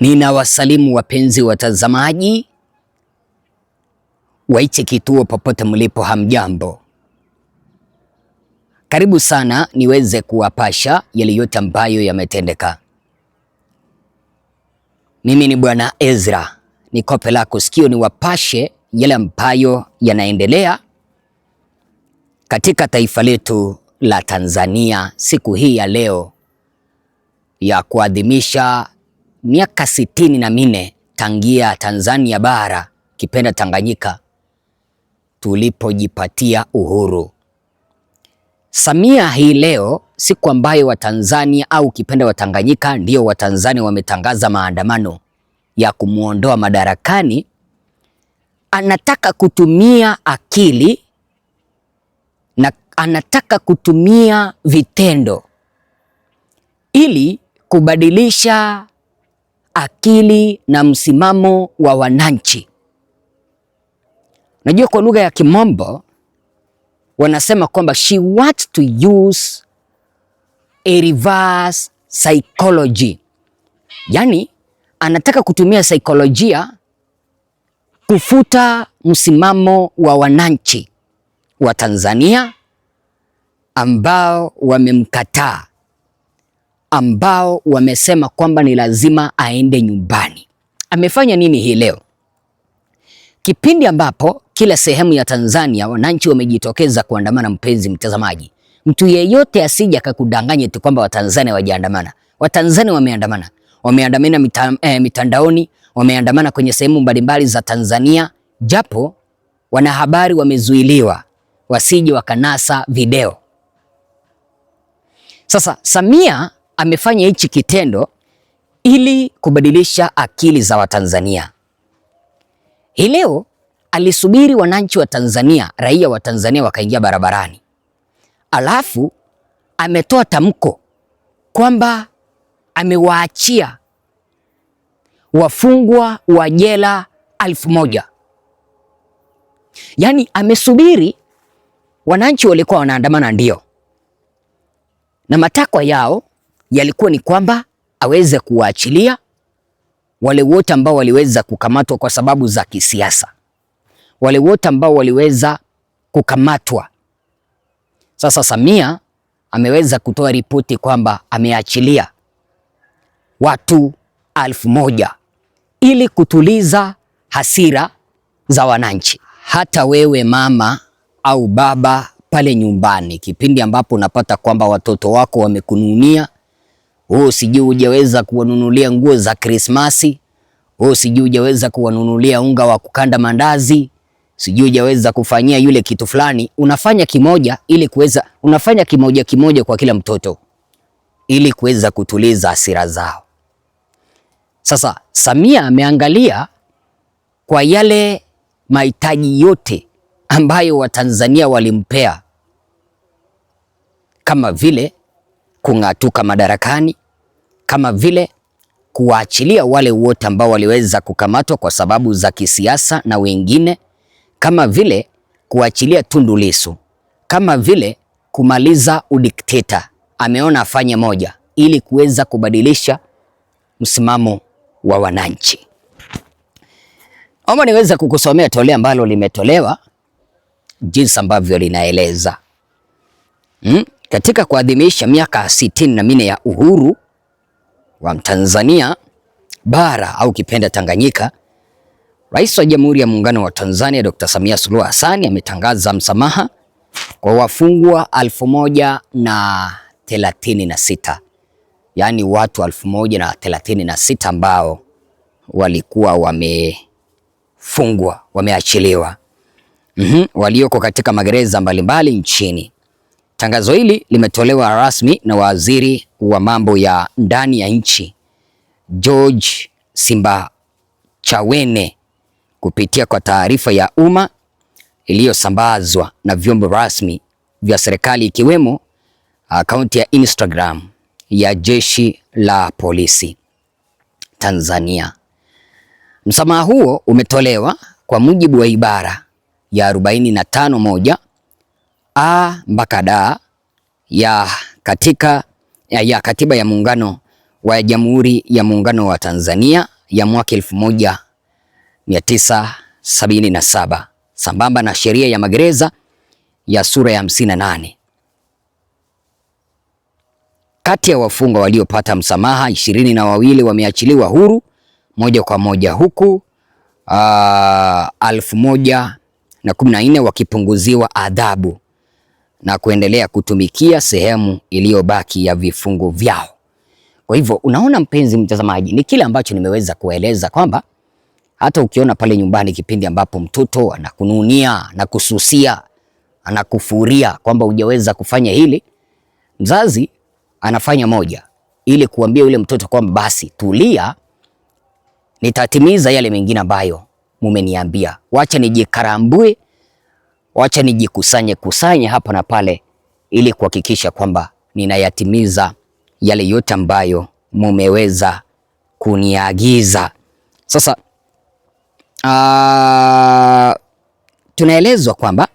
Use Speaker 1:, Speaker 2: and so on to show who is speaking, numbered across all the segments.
Speaker 1: Ninawasalimu wapenzi watazamaji waiche kituo popote mlipo, hamjambo? Karibu sana niweze kuwapasha yale yote ambayo yametendeka. Mimi ni Bwana Ezra, ni kope lako sikio, niwapashe yale ambayo yanaendelea katika taifa letu la Tanzania siku hii ya leo ya kuadhimisha miaka sitini na minne tangia Tanzania bara kipenda Tanganyika tulipojipatia uhuru. Samia hii leo siku ambayo Watanzania au kipenda Watanganyika ndio Watanzania wametangaza maandamano ya kumwondoa madarakani, anataka kutumia akili na anataka kutumia vitendo ili kubadilisha akili na msimamo wa wananchi. Najua kwa lugha ya Kimombo wanasema kwamba she wants to use a reverse psychology, yaani anataka kutumia saikolojia kufuta msimamo wa wananchi wa Tanzania ambao wamemkataa ambao wamesema kwamba ni lazima aende nyumbani. Amefanya nini hii leo? Kipindi ambapo kila sehemu ya Tanzania wananchi wamejitokeza kuandamana, mpenzi mtazamaji, mtu yeyote asija akakudanganya tu kwamba Watanzania wajaandamana. Watanzania wameandamana, wameandamana mita, eh, mitandaoni, wameandamana kwenye sehemu mbalimbali za Tanzania, japo wanahabari wamezuiliwa wasije wakanasa video. Sasa Samia amefanya hichi kitendo ili kubadilisha akili za Watanzania. Hii leo alisubiri wananchi wa Tanzania, raia wa Tanzania wakaingia barabarani, alafu ametoa tamko kwamba amewaachia wafungwa wa jela elfu moja. Yaani amesubiri wananchi walikuwa wanaandamana, ndio na matakwa yao yalikuwa ni kwamba aweze kuwaachilia wale wote ambao waliweza kukamatwa kwa sababu za kisiasa, wale wote ambao waliweza kukamatwa. Sasa Samia ameweza kutoa ripoti kwamba ameachilia watu alfu moja ili kutuliza hasira za wananchi. Hata wewe mama au baba pale nyumbani, kipindi ambapo unapata kwamba watoto wako wamekununia wewe oh, sijui hujaweza kuwanunulia nguo za Krismasi, wewe oh, sijui hujaweza kuwanunulia unga wa kukanda mandazi, sijui hujaweza kufanyia yule kitu fulani. Unafanya kimoja ili kuweza, unafanya kimoja kimoja kwa kila mtoto ili kuweza kutuliza hasira zao. Sasa Samia ameangalia kwa yale mahitaji yote ambayo Watanzania walimpea kama vile kung'atuka madarakani kama vile kuwaachilia wale wote ambao waliweza kukamatwa kwa sababu za kisiasa na wengine kama vile kuachilia Tundu Lissu, kama vile kumaliza udikteta. Ameona afanye moja ili kuweza kubadilisha msimamo wa wananchi. Omba niweza kukusomea toleo ambalo limetolewa jinsi ambavyo linaeleza hmm? Katika kuadhimisha miaka sitini na nne ya uhuru wa tanzania bara au kipenda Tanganyika, Rais wa Jamhuri ya Muungano wa Tanzania Dr. Samia Suluhu Hassan ametangaza msamaha kwa wafungwa elfu moja na thelathini na sita yaani watu elfu moja na thelathini na sita ambao walikuwa wamefungwa wameachiliwa, mm -hmm, walioko katika magereza mbalimbali nchini. Tangazo hili limetolewa rasmi na waziri wa mambo ya ndani ya nchi George Simbachawene kupitia kwa taarifa ya umma iliyosambazwa na vyombo rasmi vya serikali ikiwemo akaunti ya Instagram ya Jeshi la Polisi Tanzania. Msamaha huo umetolewa kwa mujibu wa ibara ya 45 moja a mpaka da ya katika ya katiba ya muungano wa Jamhuri ya Muungano wa Tanzania ya mwaka 1977 sambamba na sheria ya magereza ya sura ya 58. Kati ya wafungwa waliopata msamaha ishirini na wawili wameachiliwa huru moja kwa moja huku elfu moja na kumi na nne wakipunguziwa adhabu na kuendelea kutumikia sehemu iliyobaki ya vifungo vyao. Kwa hivyo unaona, mpenzi mtazamaji, ni kile ambacho nimeweza kueleza kwamba hata ukiona pale nyumbani kipindi ambapo mtoto anakununia na kususia anakufuria kwamba hujaweza kufanya hili, mzazi anafanya moja ili kuambia yule mtoto kwamba basi tulia, nitatimiza yale mengine ambayo mumeniambia, wacha nijikarambue wacha nijikusanye kusanye hapa na pale, ili kuhakikisha kwamba ninayatimiza yale yote ambayo mumeweza kuniagiza. Sasa uh, tunaelezwa kwamba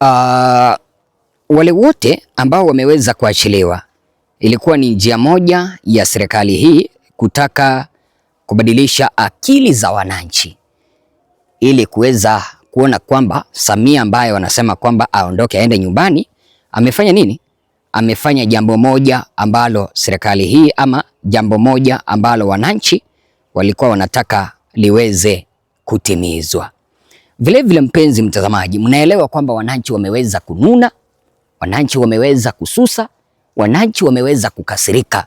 Speaker 1: uh, wale wote ambao wameweza kuachiliwa ilikuwa ni njia moja ya serikali hii kutaka kubadilisha akili za wananchi ili kuweza kuona kwamba Samia ambaye wanasema kwamba aondoke aende nyumbani amefanya nini? Amefanya jambo moja ambalo serikali hii ama jambo moja ambalo wananchi walikuwa wanataka liweze kutimizwa. Vilevile vile, mpenzi mtazamaji, mnaelewa kwamba wananchi wameweza kununa, wananchi wameweza kususa, wananchi wameweza kukasirika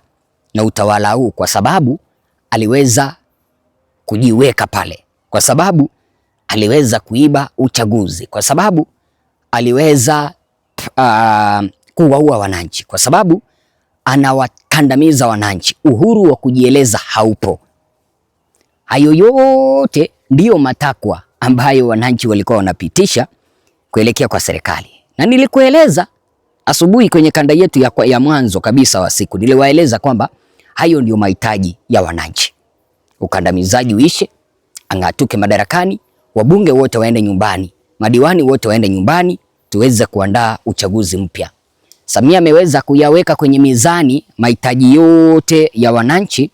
Speaker 1: na utawala huu kwa sababu aliweza kujiweka pale, kwa sababu aliweza kuiba uchaguzi kwa sababu aliweza uh, kuwaua wananchi kwa sababu anawakandamiza wananchi, uhuru wa kujieleza haupo. Hayo yote ndiyo matakwa ambayo wananchi walikuwa wanapitisha kuelekea kwa serikali, na nilikueleza asubuhi kwenye kanda yetu ya, ya mwanzo kabisa wa siku, niliwaeleza kwamba hayo ndiyo mahitaji ya wananchi: ukandamizaji uishe, ang'atuke madarakani wabunge wote waende nyumbani, madiwani wote waende nyumbani, tuweze kuandaa uchaguzi mpya. Samia ameweza kuyaweka kwenye mizani mahitaji yote ya wananchi.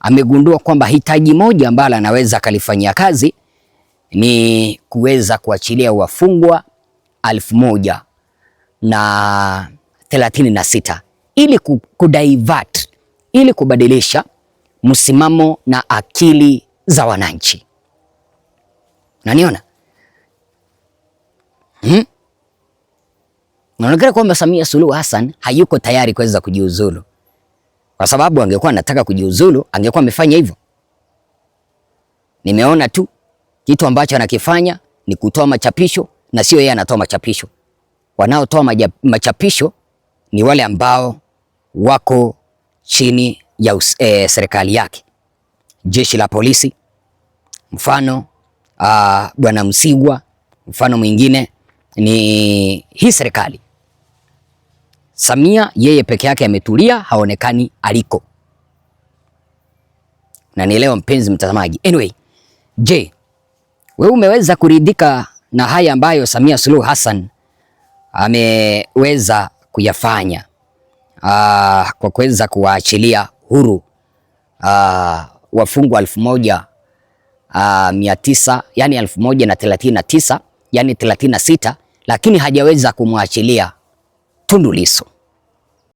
Speaker 1: Amegundua kwamba hitaji moja ambalo anaweza akalifanyia kazi ni kuweza kuachilia wafungwa alfu moja na thelathini na sita ili kudivert, ili kubadilisha msimamo na akili za wananchi. Unaniona? Hmm? Naonekana kwamba Samia Suluhu Hassan hayuko tayari kuweza kujiuzulu. Kwa sababu angekuwa anataka kujiuzulu, angekuwa amefanya hivyo. Nimeona tu kitu ambacho anakifanya ni kutoa machapisho na sio yeye anatoa machapisho. Wanaotoa machapisho ni wale ambao wako chini ya e, serikali yake. Jeshi la polisi mfano uh, Bwana Msigwa. Mfano mwingine ni hii serikali Samia, yeye peke yake ametulia, haonekani aliko. Na nielewa mpenzi mtazamaji. Anyway, je, wewe umeweza kuridhika na haya ambayo Samia Suluhu Hassan ameweza kuyafanya aa, ah, kwa kuweza kuwaachilia huru ah, wafungwa elfu moja uh, mia tisa yani elfu moja na thelathini na tisa yani thelathini na sita, lakini hajaweza kumwachilia Tundu Lissu.